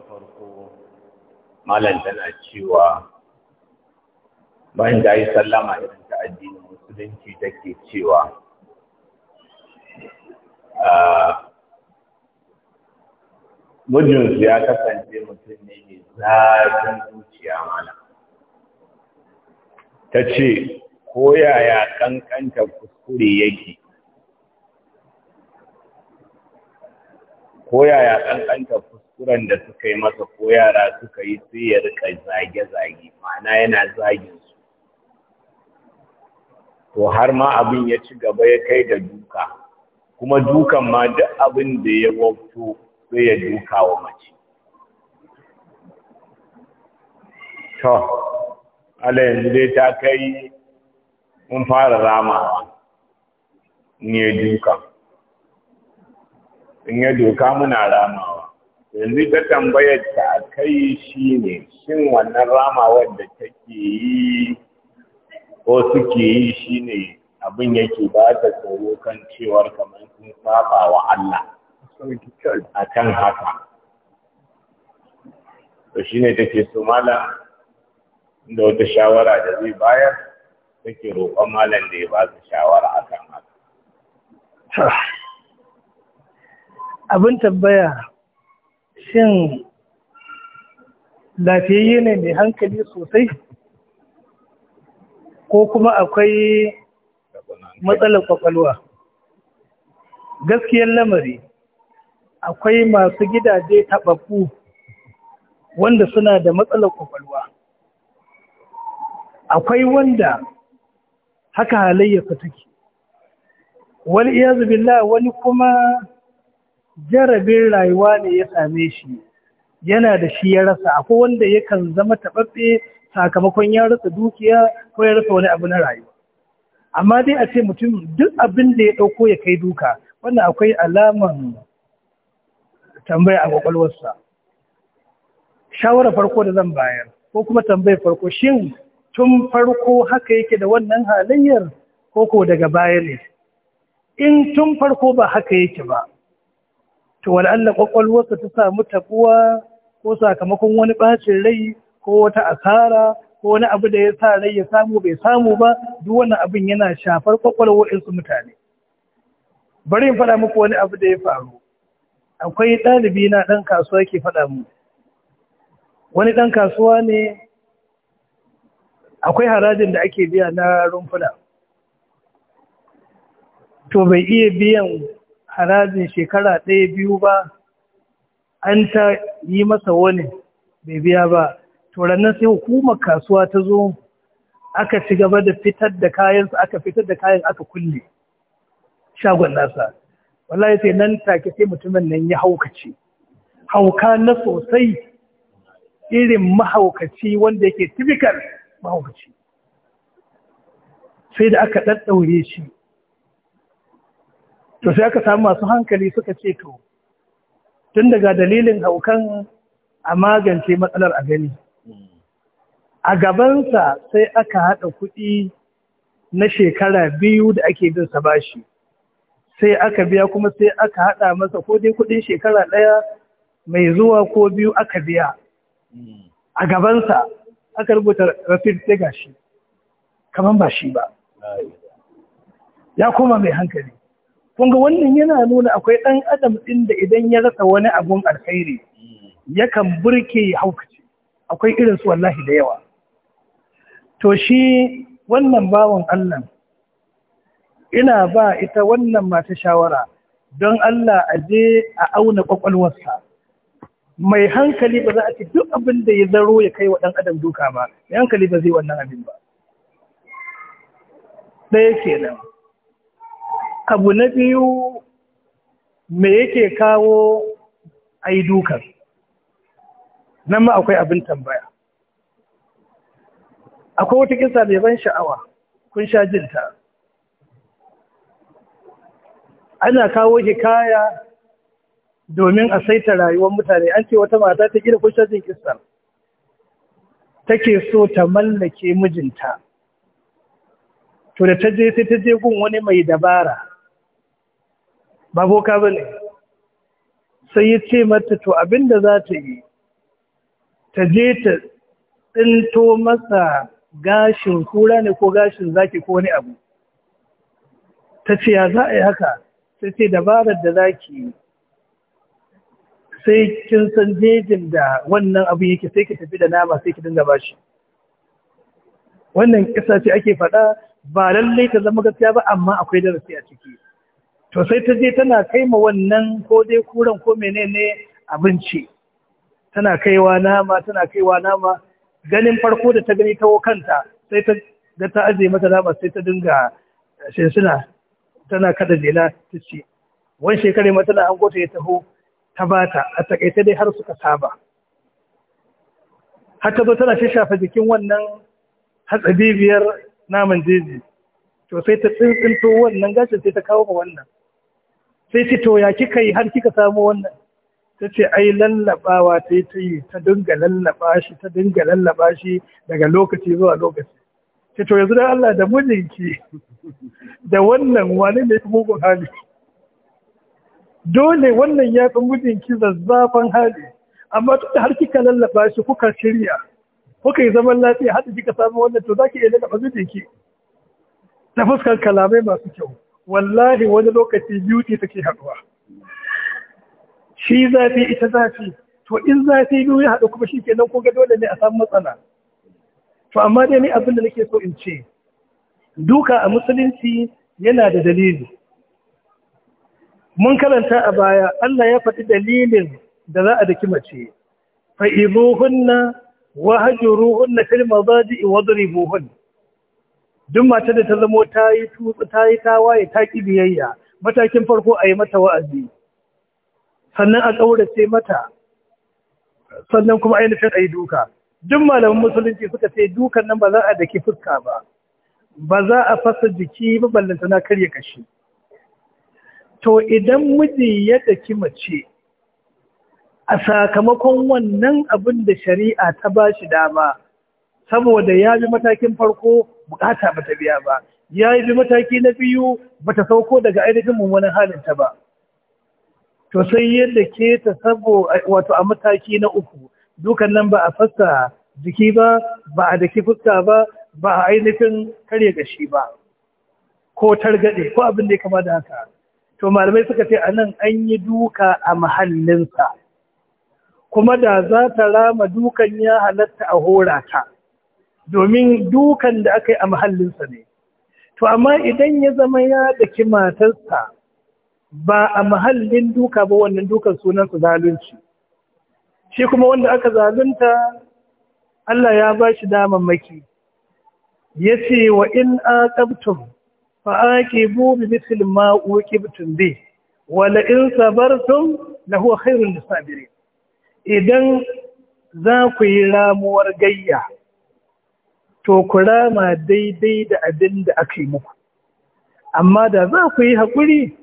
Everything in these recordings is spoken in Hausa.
ta farko malam tana cewa bayan da yi sallama irin ta addinin musulunci take cewa ah, mijinsu ya kasance mutum ne mai zafin zuciya mana ta ce ko yaya kankanta kuskure yake ko yaya kankanta kuskure kuskuren da suka yi masa ko yara suka yi sai ya rika zage-zage ma'ana yana zagin su to har ma abin ya ci gaba ya kai da duka kuma dukan ma duk abin da ya wato sai ya duka wa mace to ala yanzu dai ta kai mun fara ramawa ne duka? in ya doka muna rama yanzu ta tambayar ta a kai shi ne shin wannan ramawar da take yi ko suke yi shi ne abin yake ba ta tsoro kan cewar kamar sun saba wa Allah a kan haka to shi ne take so malam da wata shawara da zai bayar take roƙon malam da ya ba su shawara a kan haka abin tambaya shin lafiyayye ne mai hankali sosai ko kuma akwai matsalar kwakwalwa gaskiyar lamari akwai masu gidaje taɓaɓɓu wanda suna da matsalar kwakwalwa akwai wanda haka halayyarsa take wani iya zubin wani kuma jarabin rayuwa ne ya same shi yana da shi ya rasa akwai wanda yakan zama taɓaɓɓe sakamakon ya rasa dukiya ko ya rasa wani abu na rayuwa amma dai a ce mutum duk abin da ya ɗauko ya kai duka wannan akwai alaman tambaya a kwakwalwarsa shawarar farko da zan bayar ko kuma tambayar farko shin tun farko haka yake da wannan halayyar ko ko daga baya ne in tun farko ba haka yake ba to wal'alla kwakwalwarsa ta samu tabuwa ko sakamakon wani bacin rai ko wata asara ko wani abu da ya sa rai ya samu bai samu ba duk wannan abin yana shafar kwakwalwar insu mutane bari in faɗa muku wani abu da ya faru akwai ɗalibi na ɗan kasuwa ke faɗa mu wani ɗan kasuwa ne akwai harajin da ake biya na rumfuna to bai iya biyan harajin shekara ɗaya biyu ba an ta yi masa wani bai biya ba Turannan sai hukumar kasuwa ta zo aka ci gaba da fitar da kayan aka fitar da kayan aka kulle shagon nasa wallahi sai nan take sai mutumin nan ya haukace hauka na sosai irin mahaukaci wanda yake typical mahaukaci sai da aka ɗaɗɗaure shi to sai aka samu masu hankali suka ce to tun daga dalilin haukan a magance matsalar a gani a gabansa sai aka haɗa kuɗi na shekara biyu da ake bin sa bashi sai aka biya kuma sai aka haɗa masa ko dai kuɗin shekara ɗaya mai zuwa ko biyu aka biya a gabansa aka rubuta rafin sai gashi kamar ba shi ba ya koma mai hankali kun wannan yana nuna akwai ɗan adam ɗin da idan ya rasa wani abun alkhairi yakan burke ya haukace akwai irin su wallahi da yawa to shi wannan bawan Allah ina ba ita wannan mata shawara don Allah a je a auna kwakwalwarsa mai hankali ba za a ce duk abin da ya zaro ya kai wa ɗan adam duka ba mai hankali ba zai wannan abin ba ɗaya kenan abu na biyu me yake kawo a yi dukan nan ma akwai abin tambaya akwai wata kisa mai ban sha'awa kun sha jinta ana kawo hikaya domin a saita rayuwar mutane an ce wata mata ta kira kun sha jin kisa take so ta mallake mijinta to da ta je sai ta je gun wani mai dabara ba boka ba ne sai ya ce mata to abinda za ta yi ta je ta tsinto masa gashin kura ne ko gashin zaki ko wani abu ta ce ya za a yi haka sai ce dabarar da zaki sai kin san jejin da wannan abu yake sai ki tafi da nama sai ki dinga bashi wannan kisa ce ake faɗa ba lallai ta zama gaskiya ba amma akwai darasi a ciki to sai ta je tana kai ma wannan ko dai kuran ko menene abinci tana kaiwa nama tana kaiwa nama ganin farko da ta gani ta kanta sai ta ga ta aje mata nama sai ta dinga eh, shinsuna tana kada lela ta ce wani shekare ma tana ango ta ya taho ta bata a takaita dai har suka saba har ta zo tana shafa jikin wannan hatsabibiyar naman jeji to sai ta tsintsinto wannan gashin sai ta kawo ma wannan sai ce to ya kika yi har kika samu wannan ta ce ai lallabawa ta yi ta yi ta dinga lallaba shi ta dinga lallaba shi daga lokaci zuwa lokaci ta to yanzu da Allah da mijinki da wannan wani ne mugun hali dole wannan ya fi mijinki zazzafan hali amma tun da har kika lallaba shi kuka shirya kuka yi zaman lafiya haɗa kika samu wannan to za ki iya lallaba mijinki ta fuskar kalamai masu kyau wallahi wani lokaci biyu ce take haɗuwa shi zafi ita zafi to in zafi biyu ya haɗu kuma shi kenan ko ga dole ne a san matsala to amma dai ni abin da nake so in ce duka a musulunci yana da dalili mun karanta a baya Allah ya faɗi dalilin da za a daki mace fa izuhunna wa hajruhunna fil madaji wa duk matar da ta zamo ta yi tutsu ta yi tawaye ta ki biyayya matakin farko a yi mata wa'azi sannan a ƙaurace mata sannan kuma ainihin a yi duka duk malamin musulunci suka ce dukan nan ba za a daki fuska ba ba za a fasa jiki ba ballanta na karya kashi to idan miji ya daki mace a sakamakon wannan abin da shari'a ta ba shi dama saboda ya bi matakin farko bukata ba ta biya ba ya yi bi mataki na biyu ba ta sauko daga ainihin mummunan halinta ba to sai yadda ke ta sabo wato a mataki na uku dukan nan ba a fassa jiki ba ba a daki fuska ba ba a ainihin kare gashi ba ko targade ko abin da ya kama da haka to malamai suka ce anan an yi duka a mahallinsa kuma da za ta rama dukan ya halatta a horata. ta domin dukan da aka yi a mahallinsa ne to amma idan ya zama ya daki matarsa ba a mahallin duka ba wannan dukan sunansa zalunci shi kuma wanda aka zalunta Allah ya ba shi maki. ya ce wa in aqabtum fa aqibu bi mithli ma uqibtum bi wa la in sabartum la huwa khairul lisabirin idan za ku yi ramuwar gayya to ku rama daidai da abin da aka yi muku amma da za ku yi haƙuri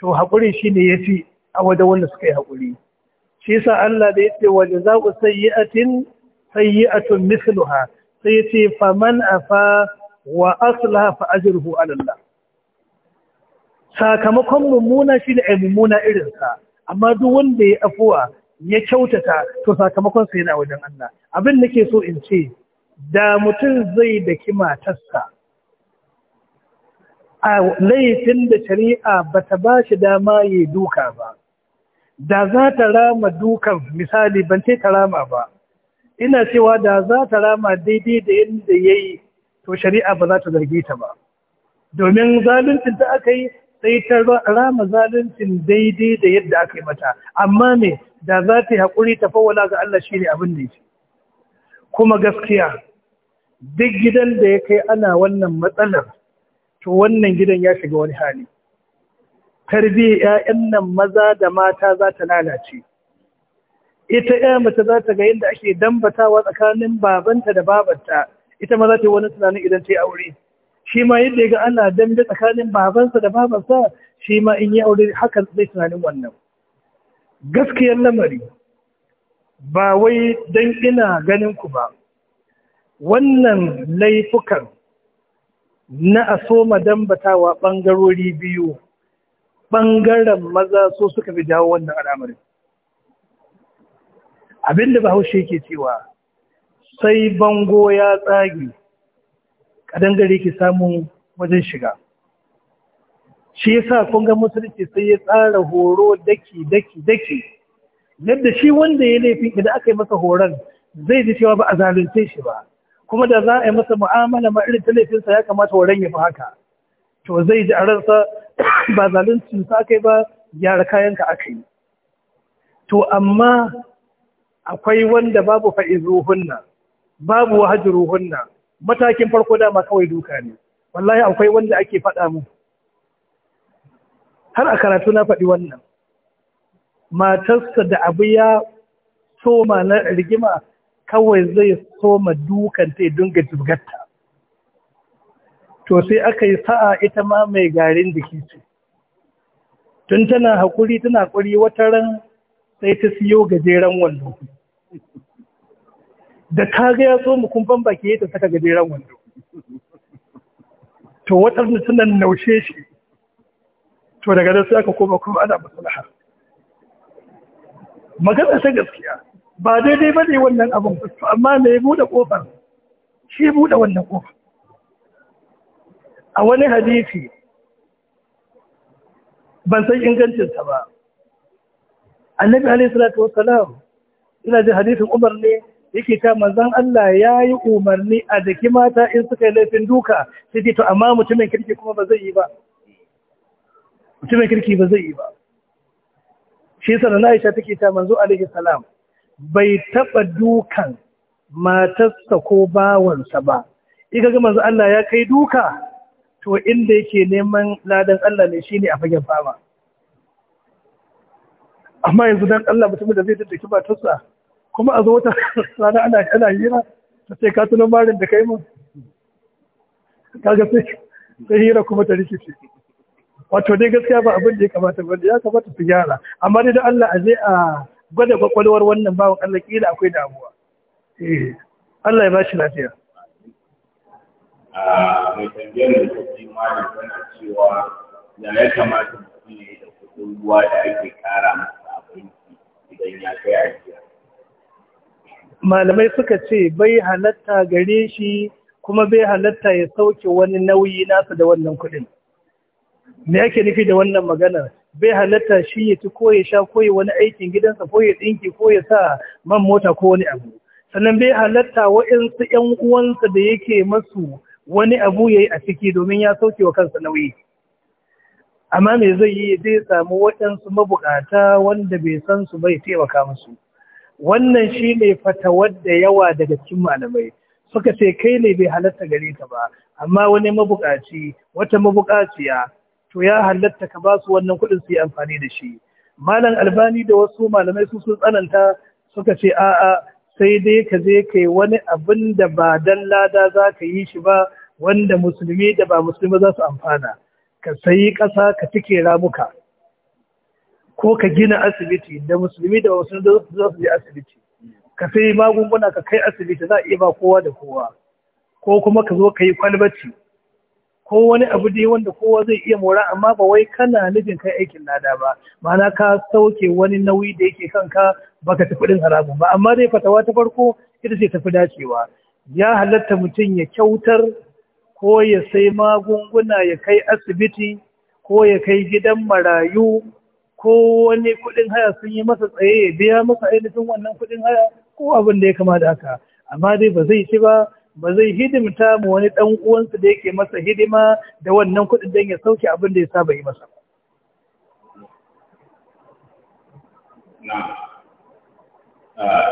to haƙuri shi ne ya fi a wadda wanda suka yi haƙuri shi yasa Allah da ya ce za jaza'u sayi sayyi'atun misluha sai ya ce faman afa wa aslaha fa ajruhu Allah sakamakon mummuna shi shine a mummuna irinsa, amma duk wanda ya afuwa ya kyautata to sakamakon sa yana wajen Allah abin nake so in ce da mutum zai daki matarsa a laifin da shari'a ba ta ba shi dama ya duka ba da za ta rama dukan misali ban ce ta rama ba ina cewa da za ta rama daidai da yadda ya yi to shari'a ba za ta zarge ta ba domin zaluncin ta aka yi sai ta rama zaluncin daidai da yadda aka yi mata amma ne da za ta yi haƙuri ta fawwala ga Allah shi ne abin da ya ce kuma gaskiya duk gidan da ya kai ana wannan matsalar to wannan gidan ya shiga wani hali tarbiyyar 'ya'yan nan maza da mata za ta lalace ita ya mace za ta ga yadda ake dambatawa tsakanin babanta da babanta ita ma za ta yi wani tunanin idan ta yi aure shi ma yadda ya ga ana dambe tsakanin babansa da babansa shi ma in yi aure haka zai tunanin wannan gaskiyar lamari ba wai don ina ganin ku ba wannan laifukan na a aso madambatawa ɓangarori biyu ɓangaren maza so suka fi jawo wannan al'amarin abinda bahaushe ke cewa sai bango ya tsage gari ke samun wajen shiga shi yasa kun ga musulunci sai ya tsara horo daki daki daki yadda shi wanda ya laifin idan aka yi masa horon zai ji cewa ba a zalunce shi ba kuma da za a yi masa mu'amala ma irin ta sa ya kamata horon ya fi haka to zai ji a ransa ba zaluncin sa aka ba gyara kayanka aka yi to amma akwai wanda babu fa'in ruhunna babu wahaji ruhunna matakin farko dama kawai duka ne wallahi akwai wanda ake faɗa mu har a karatu na faɗi wannan matarsa da abu ya soma na rigima kawai zai soma dukanta ya ga jibgarta to sai aka yi sa'a ita ma mai garin jiki ce tun tana haƙuri tana ƙuri wata ran sai ta siyo gajeren wando da ka ga ya so mu kumfan baki ta saka gajeren wando to waɗanda mutunan naushe shi to daga nan sai aka koma kuma ana maslaha magana ta gaskiya ba daidai ba ne wannan abin to amma me ya buɗe ƙofar shi buɗe wannan ƙofar a wani hadisi ban san ingancinsa ba annabi alaihi salatu wassalam ina ji hadisin umar ne yake ta manzon Allah ya yi umarni a jiki mata in suka yi laifin duka sai to amma mutumin kirki kuma ba zai yi ba mutumin kirki ba zai yi ba shi yasa na Aisha take ta manzo alaihi salam bai taba dukan matarsa ko bawansa ba iga ga manzo Allah ya kai duka to inda yake neman ladan Allah ne shine a fagen fama amma yanzu dan Allah mutumin da zai ki matarsa kuma a zo wata rana ana ana hira ta ce ka tuno marin da kai mun kaga sai hira kuma ta rikice wato dai gaskiya ba abin da ya kamata ba ya kamata su gyara amma dai da Allah a je a gwada kwakwalwar wannan bawan Allah kila akwai damuwa eh Allah ya ba shi lafiya a mai tambayar da tana cewa ya kamata mu yi da kuɗin ruwa da ake ƙara masa abinci idan ya kai ajiya malamai suka ce bai halatta gare shi kuma bai halatta ya sauke wani nauyi nasa da wannan kuɗin me yake nufi da wannan magana bai halatta shi ya ci ko ya sha ko ya wani aikin gidansa ko ya tsinki ko ya sa man mota ko wani abu sannan bai halatta wa'insu ƴan uwansa da yake masu wani abu yayi a ciki domin ya sauke wa kansa nauyi amma me zai yi zai samu waɗansu mabukata wanda bai san su bai taimaka musu wannan shi ne fatawar da yawa daga cikin malamai suka ce kai ne bai halatta gare ka ba amma wani mabukaci wata mabukaciya to ya halatta ka ba su wannan kuɗin su yi amfani da shi malam albani da wasu malamai su sun tsananta suka ce a'a sai dai ka je ka wani abin da ba dan lada za ka yi shi ba wanda musulmi da ba musulmi za su amfana ka sayi ƙasa ka cike ramuka ko ka gina asibiti da musulmi da ba musulmi za su je asibiti ka sayi magunguna ka kai asibiti za a iya ba kowa da kowa ko kuma ka zo ka yi kwalbaci ko wani abu dai wanda kowa zai iya mora amma ba wai kana nufin kai aikin lada ba ma'ana ka sauke wani nauyi da yake kanka baka tafi din haramun ba amma dai fatawa ta farko ita ce tafi dacewa ya halatta mutum ya kyautar ko ya sai magunguna ya kai asibiti ko ya kai gidan marayu ko wani kuɗin haya sun yi masa tsaye ya biya masa ainihin wannan kuɗin haya ko abin da ya kama da haka amma dai ba zai ci ba ba zai hidimta mu wani dan uwansa da yake masa hidima da wannan kuɗin dan ya sauke abin da ya saba yi masa na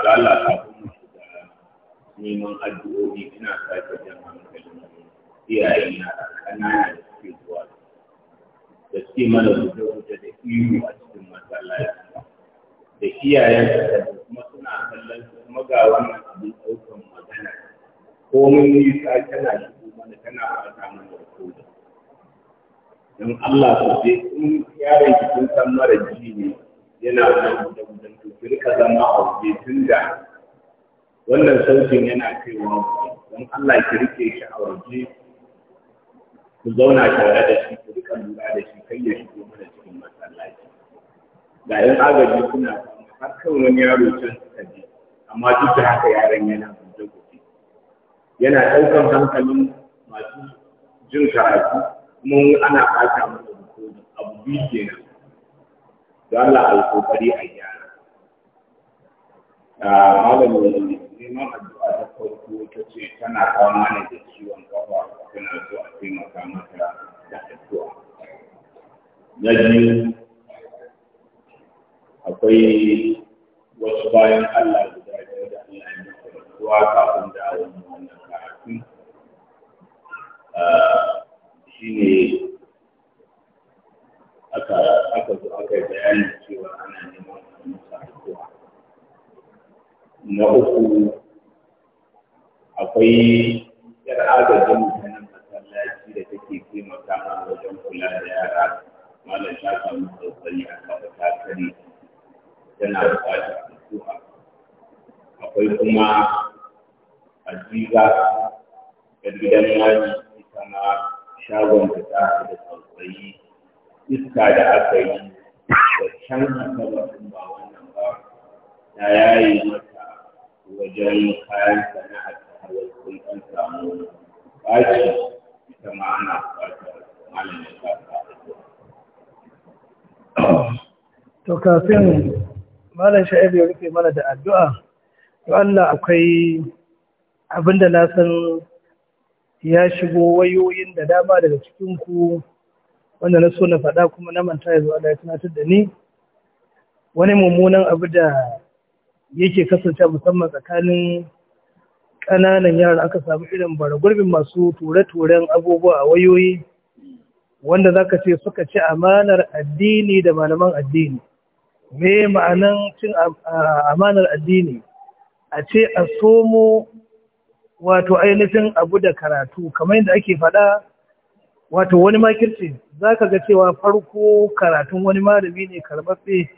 da Allah ta kuma neman addu'o'i ina sake jan hankalin iyayen yara ƙanana da suke zuwa da suke mana rute-rute da iyo a cikin masallaci da iyayen da kuma suna kallon su kuma ga wannan abin ɗaukan magana komin nisa tana shigo mana tana fata mana koda don Allah ku je in yaron ki san mara ji ne yana da gudan to ki rika zama a waje tun da wannan sautin yana kaiwa don Allah ki rike shi a waje ku zauna tare da shi ku rika lura da shi kai ya shigo mana cikin masallaci ga yan agaji kuna har kan wani yaro can suka je amma duk da haka yaron yana yana ɗaukan hankalin masu jin karatu kuma ana ɓata musu hukumi abu biyu nan da Allah a yi kokari a gyara ah, malamin neman addu'a ta farko ta ce tana kawo ne da ciwon kafa tana so a taimaka mata da addu'a na biyu akwai wasu bayan Allah guda biyu da Allah ya mutu kowa kafin da wannan shi ne aka aka zo aka yi bayanin cewa ana neman wani na uku akwai yar agajin mutanen masallaci da take taimaka mana wajen kula da yara malam ta samu tsautsayi a kan takari tana buƙatar addu'a akwai kuma aziza da gidan maji shagon da ta da tsautsayi iska da aka yi da can haka ba ba wannan ba na yayi mata wajen kayan sana'a ta halar sun ɗan samu ɓaci ita ma ana buƙatar malamin ta To kafin Malam Sha'ib ya rufe mana da addu'a, to Allah akwai abinda na san ya shigo wayoyin da dama daga cikinku wanda na so na faɗa kuma na manta ya zuwa da ya tunatar da ni wani mummunan abu da yake kasance musamman tsakanin ƙananan yara aka samu irin bara gurbin masu ture-turen abubuwa a wayoyi wanda za ka ce suka ci amanar addini da malaman addini me ma'anan cin amanar addini a ce a somo wato ainihin abu da karatu kamar yadda ake faɗa wato wani makirci za ka ga cewa farko karatun wani malami ne karbatse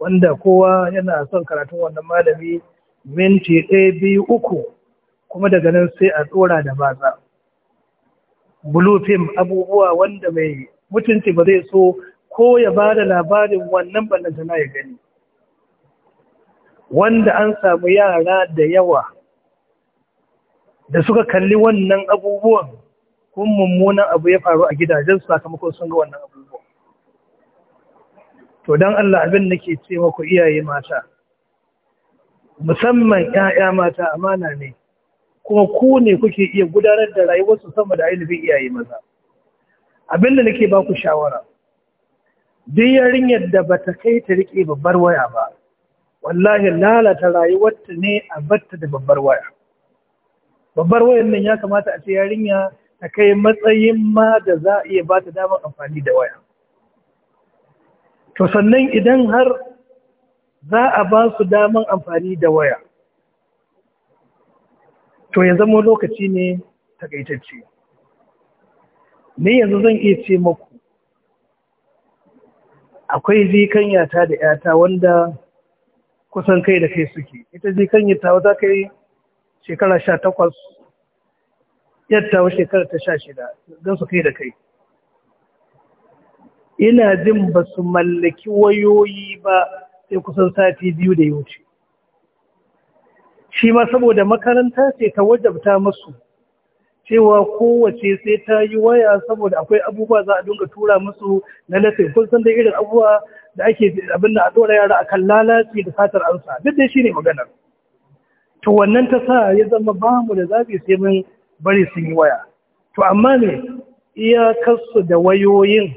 wanda kowa yana son karatun wannan malami minti ɗaya biyu uku kuma daga nan sai a tsora da baza bulufin abubuwa wanda mai mutunci ba zai so ko ya ba da labarin wannan na ya gani wanda an samu yara da yawa da suka kalli wannan abubuwan kun mummunan abu ya faru a gidajen sakamakon sun ga wannan abubuwan to don Allah abin da ke ce maku iyaye mata musamman 'ya'ya mata amana ne kuma ku ne kuke iya gudanar da rayuwarsu sama da ainihin iyaye maza abin da nake ba ku shawara duk yarinyar da ba ta kai ta riƙe babbar waya ba wallahi lalata rayuwarta ne a batta da babbar waya babbar wayan nan ya kamata a ce yarinya ta kai matsayin ma da za a iya ba ta damar amfani da waya to sannan idan har za a ba su damar amfani da waya to ya zama lokaci ne takaitacce ne yanzu zan iya ce maku akwai yata da yata wanda kusan kai da kai suke ita zikanyata wata kai shekara sha takwas yadda wa shekara ta sha shida don su kai da kai ina jin ba su mallaki wayoyi ba sai kusan sati biyu da ya shi ma saboda makaranta ce ta wajabta masu cewa kowace sai ta yi waya saboda akwai abubuwa za a dinga tura musu na lafi kun san da irin abubuwa da ake abin da a dora yara kan lalaci da fatar ansa duk dai shi ne maganar to wannan ta sa ya zama ba mu da zaɓi sai mun bari sun yi waya to amma ne iyakarsu da wayoyin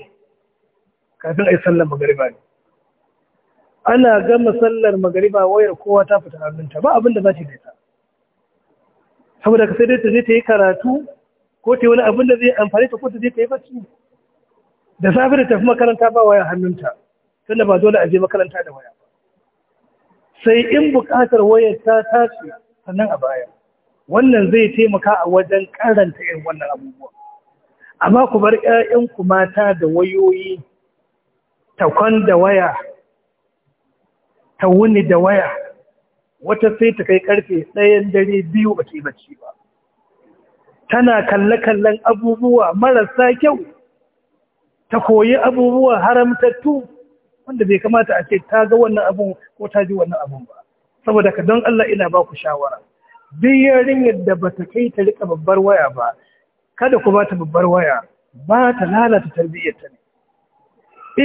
kafin a yi sallar magariba ne ana gama sallar magariba wayar kowa ta fita hannunta ba abin da za ta daita saboda ka sai dai ta je ta yi karatu ko ta yi wani abin da zai amfani ta ko ta zai ta yi bacci da safe da tafi makaranta ba waya hannunta tunda ba dole a je makaranta da waya sai in buƙatar wayar ta tashi sannan a baya wannan zai taimaka a wajen karanta irin wannan abubuwa amma ku bar ƴaƴanku mata da wayoyi takwan da waya ta wuni da waya wata sai ta kai karfe ɗayan dare biyu ba ta yi bacci ba tana kalle-kallen abubuwa marasa kyau ta koyi abubuwa haramtattu wanda bai kamata a ce ta ga wannan abin ko ta ji wannan abun ba saboda ka don Allah ina ba ku shawara duk yarinyar da ba ta kai ta rika babbar waya ba kada ku ba ta babbar waya ba ta lalata tarbiyyar ta ne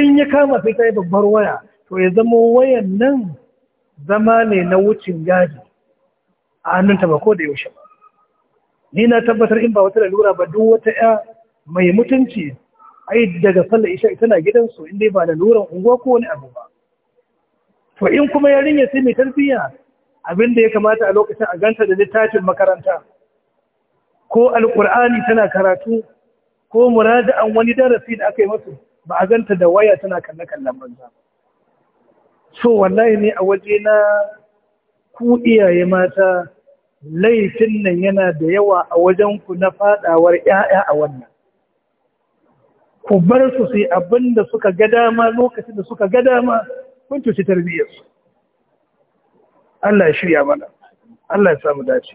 in ya kama sai ta yi babbar waya to ya zama wayan nan zama ne na wucin gadi a ta ba ko da yaushe ba ni na tabbatar in ba wata lalura ba duk wata ya mai mutunci ai daga sallar isha tana gidansu in dai ba da luran unguwa ko wani abu ba to in kuma yarinya sai mai tarbiyya abin da ya kamata a lokacin a ganta da littafin makaranta ko alkur'ani tana karatu ko murada'an wani darasi da aka yi masu ba a ganta da waya tana kalle kallon banza so wallahi ne a waje na ku iyaye mata laifin nan yana da yawa a wajen ku na fadawar 'ya'ya a wannan ku bar su sai abin da suka ga dama lokacin da suka ga dama kun cuci tarbiyyarsu Allah ya shirya mana Allah ya samu dace